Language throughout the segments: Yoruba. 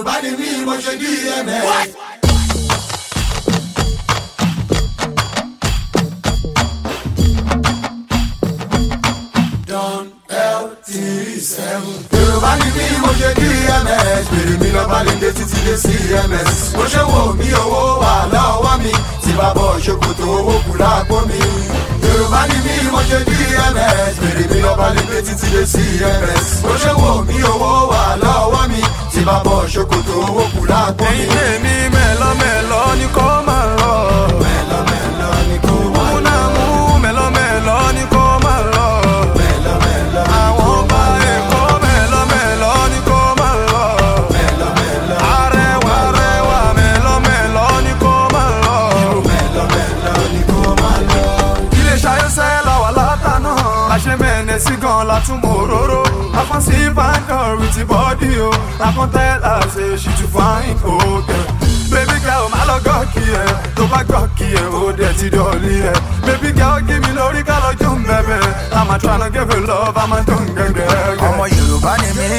Yorùbá ni mí mo ṣe DNA. Don Yorùbá ni mí mo ṣe DMS. Bèrè mi lọ́ba lè dé títí dé CMS. Mo ṣe wo mi owó wà lọ́wọ́ mi. Tí bàbá òṣòkòtò owó kù láàpò mi. Yorùbá ni mí mo ṣe DMS. Bèrè mi lọ́ba lè dé títí dé CMS tí bá bọ́ ṣòkòtò owó kù láàpọ̀ ni. kan látún mọ òróró I can see Pandora with the body o I can tell her say she too fine o oh girl. Baby girl má lọ gọ́ọ̀kì ẹ̀ tó bá gọ́ọ̀kì ẹ̀ ó dẹ̀ ti dọ̀ọ̀lì ẹ̀. Baby girl gí mi lórí ká lọ jó ń bẹ̀bẹ̀. I'm a try to give you love, I'm a tó ń gẹ̀gẹ̀. Ọmọ Yorùbá ni mí,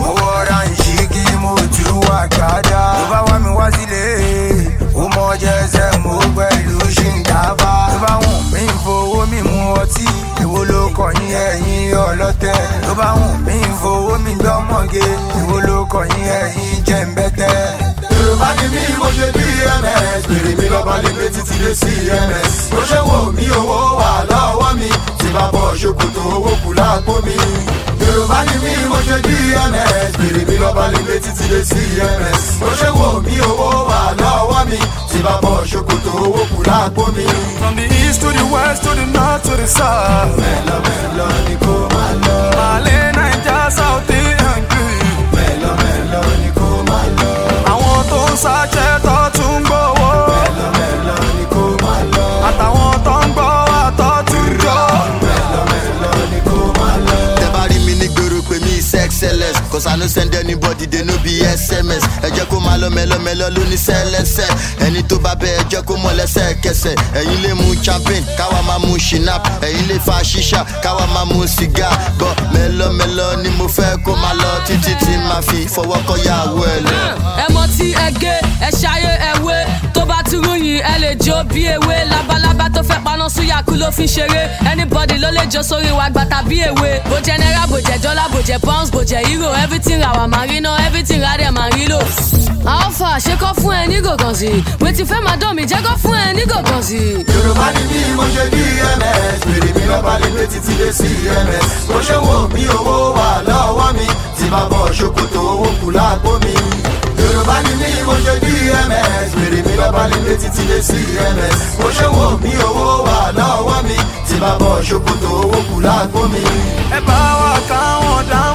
mo wọra ń ṣí kí mo tú àgbàdá. Tó bá wá mi wá sílé, ó mọ jẹ́ sẹ́mu. kọ yín ẹ̀yin ọlọ́tẹ̀ ló bá wùn mí fowó mi dọ́mọ̀gé ìwo ló kọ yín ẹ̀yin jẹ̀ǹbẹ̀tẹ̀. yorùbá ni mí mo ṣe bí ms pèrè mi lọ́ba lépè títí dé sí ms mo ṣe wò mí owó wà lọ́wọ́ mi tí bá bọ̀ ṣòkòtò owó kù láàpò mi yorùbá ni mí mo ṣe bí ms pèrè mi lọ́ba lépè títí dé sí ms mo ṣe wò mí owó wà lọ́wọ́ mi tí bá bọ̀ ṣòkòtò owó kù láàpò mi. la, la vela, i no send anybody they no be sms ẹjẹ kó máa lọ mẹlọmẹlọ ló ní sẹlẹsẹ ẹni tó bá bẹ ẹjẹ kó mọ lẹsẹkẹsẹ ẹyin lè mu champagne káwa máa mu shinap ẹyin lè fa ṣíṣà káwa máa mu sìgá bọ mẹlọmẹlọ ni mo fẹ kó máa lọ títí tí máa fi fọwọ́ kọyàwó ẹ lọ. ẹ mọ tí ẹ gé ẹ ṣayé ẹ wé tó bá tún ròyìn ẹ lè jó bí ewé labalábá bàbá tó fẹ́ paná súyà kú ló fi ṣeré anybody ló lè jọ sórí wa gbà tàbí èwe bó jẹ náírà bó jẹ dọ́là bó jẹ pounds bó jẹ euro everything àwa máa rí ná everything rà dẹ̀ máa rí lò. alpha ṣe kọ́ fún ẹ ní gògàn sí i wetin fẹ́ máa dán mi jẹ́ fún ẹ ní gògàn sí i. yorùbá ni bí mo ṣe bí ms bèrè mi lọ́ba lè lé títí dé sí ms bó ṣe wò bí owó wà lọ́wọ́ mi tí bàbá ṣòkòtò owó kù láàgbó mi yorùbá ni bí mo ṣe bí Ọlábálélé títí lé CMS mo ṣe wo bí owó wà lọ́wọ́ mi tí bá bọ̀ ṣòkòtò owó kù láàgbó mi. ẹ bá wa káwọn dáhùn.